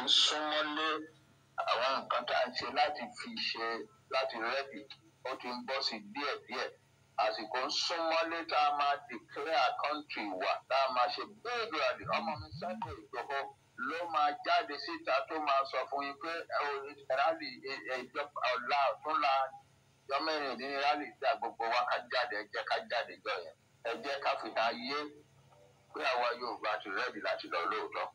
ń súnmọ́lé àwọn nǹkan tá à ń ṣe láti fi ṣe láti rẹ́bì ó ti ń bọ́ sí díẹ̀díẹ̀ àsìkò ń súnmọ́lé tá a máa declare country wa tá a máa ṣe big rally ọmọ mi Sunday Igboho ló máa jáde síta tó máa sọ fún yín pé rally ìjọba ọ̀la ọ̀túnla jọmẹ́rin ní rally dá gbogbo wa ká jáde ẹ jẹ́ ká jáde jọ yẹn ẹ jẹ́ ká fi hàn yé pé àwa Yorùbá ti rẹ́bì láti lọ lóòótọ́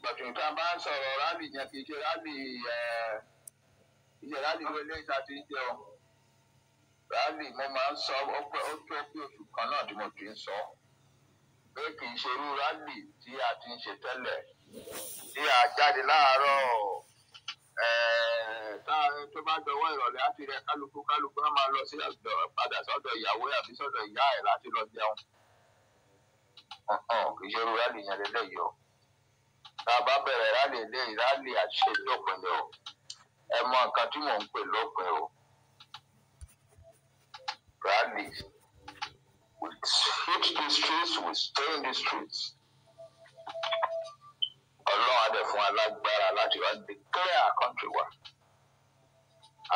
gbọ̀dọ̀ tá a bá ń sọ̀rọ̀ rálì yẹn kì í ṣe rálì ìṣe rálì wo ilé ìta ti ń jẹ o rálì mo máa ń sọ ó pẹ́ ó tó bí oṣù kan náà tí mo ti ń sọ pé kì í ṣe irú rálì tí a ti ń ṣe tẹ́lẹ̀ tí a jáde láàárọ̀ tó bá dọwọ́ ìrọ̀lẹ́ á ti rẹ kálukú kálukú á máa lọ sí padà sọ́dọ̀ ìyàwó àbí sọ́dọ̀ ìyá ẹ̀ láti lọ jẹun kì í rálì yẹn lélẹ́yìí tá a bá bẹ̀rẹ̀ rálì eléyìí rálì àṣetòpin ni o ẹ mọ nǹkan tí mò ń pè lópin o rálì we hit the streets we stay in the streets ọlọ́run adẹ̀ fún alágbára láti wá declare country wa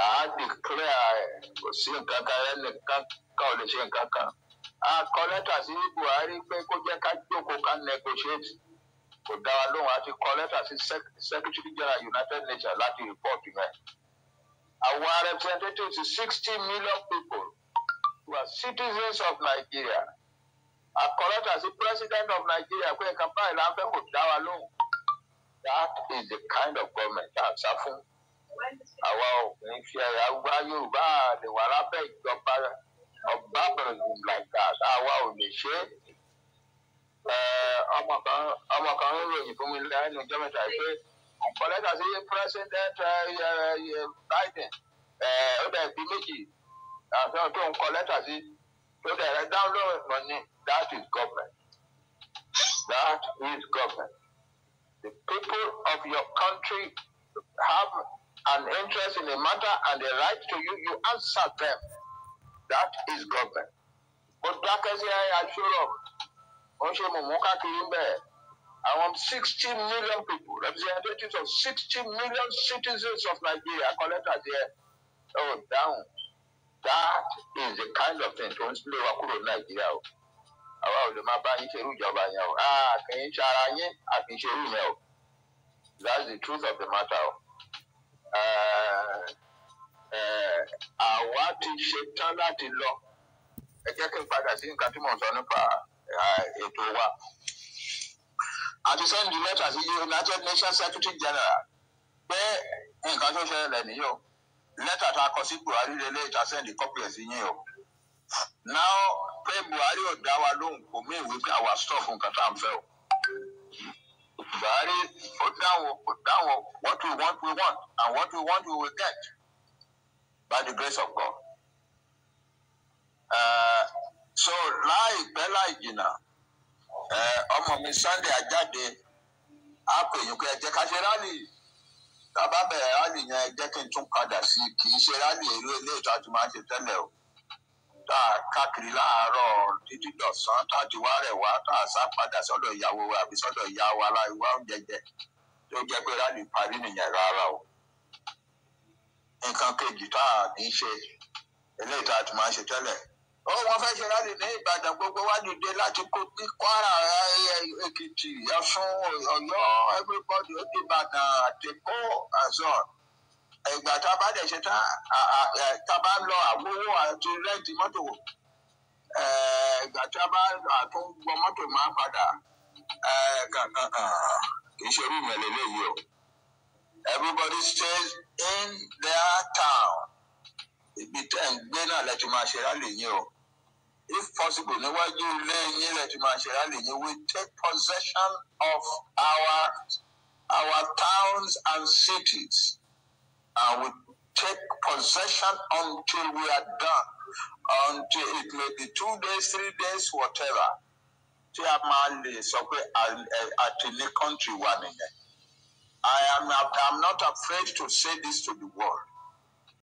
àá declare kò sí nǹkan kan ẹnìkan kan ò lè ṣe nǹkan kan a kọ lẹ́tà sí Buhari pé kó jẹ́ ká jókòó ká negotiate kò dá wa lóhùn a ti kọ lẹ́tà sí secretary general United Nations láti report yẹn àwọn representatives sixty million people who are citizens of Nigeria a kọ lẹ́tà sí president of Nigeria pé ẹ̀ka báyìí la ń fẹ́ kò dá lóhùn that is the kind of government tá a sá fún àwa ò ní fi ẹ̀yà wá Yorùbá àdèwà ìjọba rẹ̀ of barbarism like that àwa ò lè ṣe é ọmọ kan ọmọ kan ń ròyìn fún mi lẹ́nu ọjọ́ mẹ́ta pé kọ́lẹ́tà sí president uh, Biden ó dẹ̀ bí méjì àti ọ̀tọ̀ ń kọ lẹ́tà sí tó dẹ̀ rẹ̀ download money that is government that is government the people of your country have an interest in the matter and a right to you you answer them that is government. mo dákẹ́ sí aṣọ́rọ̀ wọ́n ṣe mọ̀mọ́ káàkiri kirimbe, bẹ̀. àwọn sixty million people representatives of 60 million citizens of Nigeria collect as here. oh down that is the kind of thing Don't play lé wa kúrò Nàìjíríà o àwa ò lè máa bá yín ṣerú ìjọba yẹn o a kì í ṣara yín a kì yẹn o that's the truth of the matter o. Uh, Eh, àwa ti ṣe tán láti lọ ẹ jẹ́ kí n padà sí nǹkan tí mò ń sọ nípa eh, ètò wa àti sẹ́ndì lẹ́tà sí United Nations Secretary General pé nǹkan tó ṣẹlẹ̀ nìyó lẹ́tà tá a kọ sí Buhari lélẹ́ ìta sẹ́ndì kọ́pì ẹ̀ sí yín o náà pé Buhari ò dá wa lóhùn kò mí ìwé pé àwa stop nǹkan tá à ń fẹ́ o Buhari ó dáwọ̀ what we want we want and what we want we will get. by the grace of God. Uh, so láìpẹ́ láìjìnà uh, ọmọ mi Sunday Àjàdé a pè yín pé ẹ ká ṣe rálì bẹ̀rẹ̀ rálì yẹn ẹ kí n tún padà sí i kì í ṣe rálì èrú ilé o tá a káàkiri láàárọ̀ títí dọ̀sán tá a ti wá rẹ̀ wá tá a sá padà sọ́dọ̀ ìyàwó wa àbí sọ́dọ̀ ìyá wa oúnjẹ jẹ tó jẹ́ o. nǹkan kejì tá a ní ṣe eléyìí tá a ti máa ṣe tẹ́lẹ̀ ó wọ́n fẹ́ ṣe rálì ní Ìbàdàn gbogbo wá dìde láti kó ní Kwara Èkìtì Ọ̀ṣun Ọ̀yọ́ everybody ó di Ìbàdàn àtẹkọ àzọ ìgbà tá a bá dẹ̀ ṣe tá a bá lọ àwòwò àti rẹ́ǹtì mọ́tò ìgbà tá a bá àtúngbọ mọ́tò máa padà kì í ṣe orí ìmọ̀lẹ́lẹ́ yìí o everybody stays. in their town between tẹ́ ń gbé náà lẹ́tí máa if possible no ilé you lẹ́tí máa ṣe rálì yín we take possession of our our towns and cities and we take possession until we are done until it may be two days three days whatever tí a máa lè sọ pé àti ní country wa nìyẹn. I am not, I'm not afraid to say this to the world.